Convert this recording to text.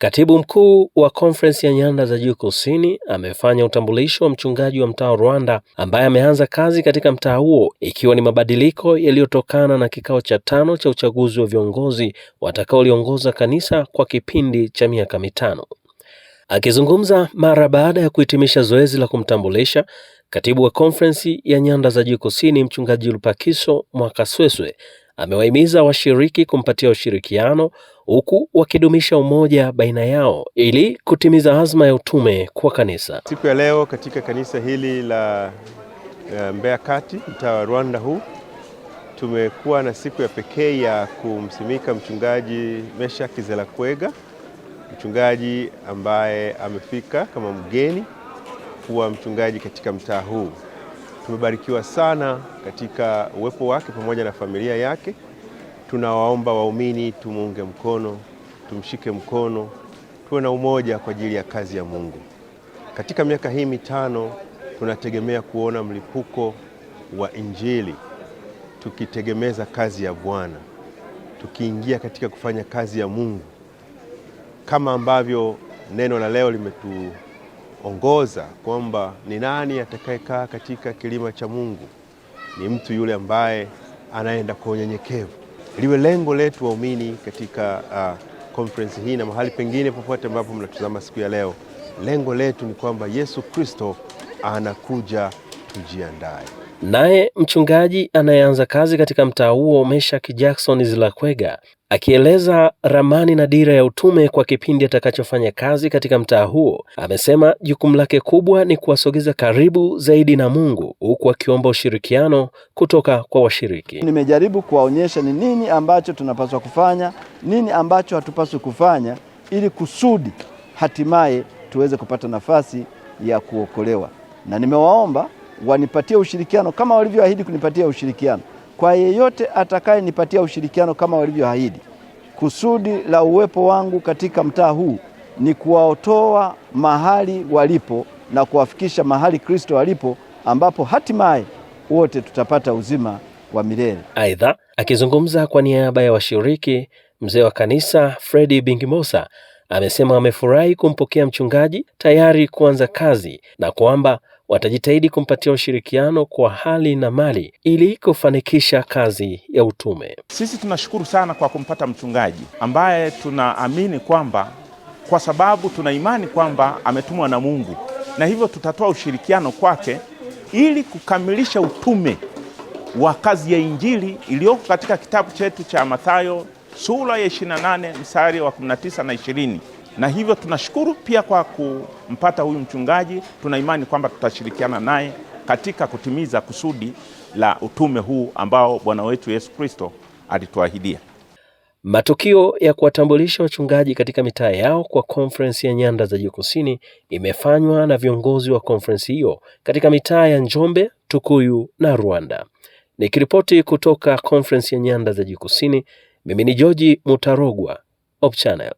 Katibu mkuu wa konferensi ya nyanda za juu kusini amefanya utambulisho wa mchungaji wa mtaa Rwanda ambaye ameanza kazi katika mtaa huo ikiwa ni mabadiliko yaliyotokana na kikao cha tano cha uchaguzi wa viongozi watakaoliongoza kanisa kwa kipindi cha miaka mitano. Akizungumza mara baada ya kuhitimisha zoezi la kumtambulisha, katibu wa konferensi ya nyanda za juu kusini mchungaji Lupakiso Mwakasweswe amewahimiza washiriki kumpatia ushirikiano huku wakidumisha umoja baina yao ili kutimiza azma ya utume kwa kanisa. Siku ya leo katika kanisa hili la eh, Mbeya Kati, mtaa wa Rwanda huu, tumekuwa na siku ya pekee ya kumsimika mchungaji Kizela Kwega, mchungaji ambaye amefika kama mgeni kuwa mchungaji katika mtaa huu. Tumebarikiwa sana katika uwepo wake pamoja na familia yake. Tunawaomba waumini tumuunge mkono, tumshike mkono, tuwe na umoja kwa ajili ya kazi ya Mungu. Katika miaka hii mitano tunategemea kuona mlipuko wa Injili tukitegemeza kazi ya Bwana, tukiingia katika kufanya kazi ya Mungu kama ambavyo neno la leo limetu ongoza kwamba ni nani atakayekaa katika kilima cha Mungu, ni mtu yule ambaye anaenda kwa unyenyekevu. Liwe lengo letu waumini katika uh, conference hii na mahali pengine popote ambapo mnatuzama siku ya leo, lengo letu ni kwamba Yesu Kristo anakuja, tujiandae. Naye mchungaji anayeanza kazi katika mtaa huo Meshak Jackson Zilakwega akieleza ramani na dira ya utume kwa kipindi atakachofanya kazi katika mtaa huo, amesema jukumu lake kubwa ni kuwasogeza karibu zaidi na Mungu, huku akiomba ushirikiano kutoka kwa washiriki. Nimejaribu kuwaonyesha ni nini ambacho tunapaswa kufanya, nini ambacho hatupaswi kufanya, ili kusudi hatimaye tuweze kupata nafasi ya kuokolewa, na nimewaomba wanipatie ushirikiano kama walivyoahidi kunipatia ushirikiano, kwa yeyote atakayenipatia ushirikiano kama walivyoahidi. Kusudi la uwepo wangu katika mtaa huu ni kuwaotoa mahali walipo na kuwafikisha mahali Kristo alipo, ambapo hatimaye wote tutapata uzima wa milele. Aidha, akizungumza kwa niaba ya washiriki, mzee wa kanisa Fredi Bingimosa amesema amefurahi kumpokea mchungaji tayari kuanza kazi na kwamba watajitahidi kumpatia ushirikiano kwa hali na mali ili kufanikisha kazi ya utume. Sisi tunashukuru sana kwa kumpata mchungaji ambaye tunaamini kwamba, kwa sababu tuna imani kwamba ametumwa na Mungu, na hivyo tutatoa ushirikiano kwake ili kukamilisha utume wa kazi ya Injili iliyoko katika kitabu chetu cha Mathayo sura ya 28 mstari wa 19 na 20 na hivyo tunashukuru pia kwa kumpata huyu mchungaji. Tuna imani kwamba tutashirikiana naye katika kutimiza kusudi la utume huu ambao Bwana wetu Yesu Kristo alituahidia. Matukio ya kuwatambulisha wachungaji katika mitaa yao kwa konferensi ya Nyanda za Juu Kusini imefanywa na viongozi wa konferensi hiyo katika mitaa ya Njombe, Tukuyu na Rwanda. Nikiripoti kutoka konferensi ya Nyanda za Juu Kusini, mimi ni George Mutarogwa, Channel.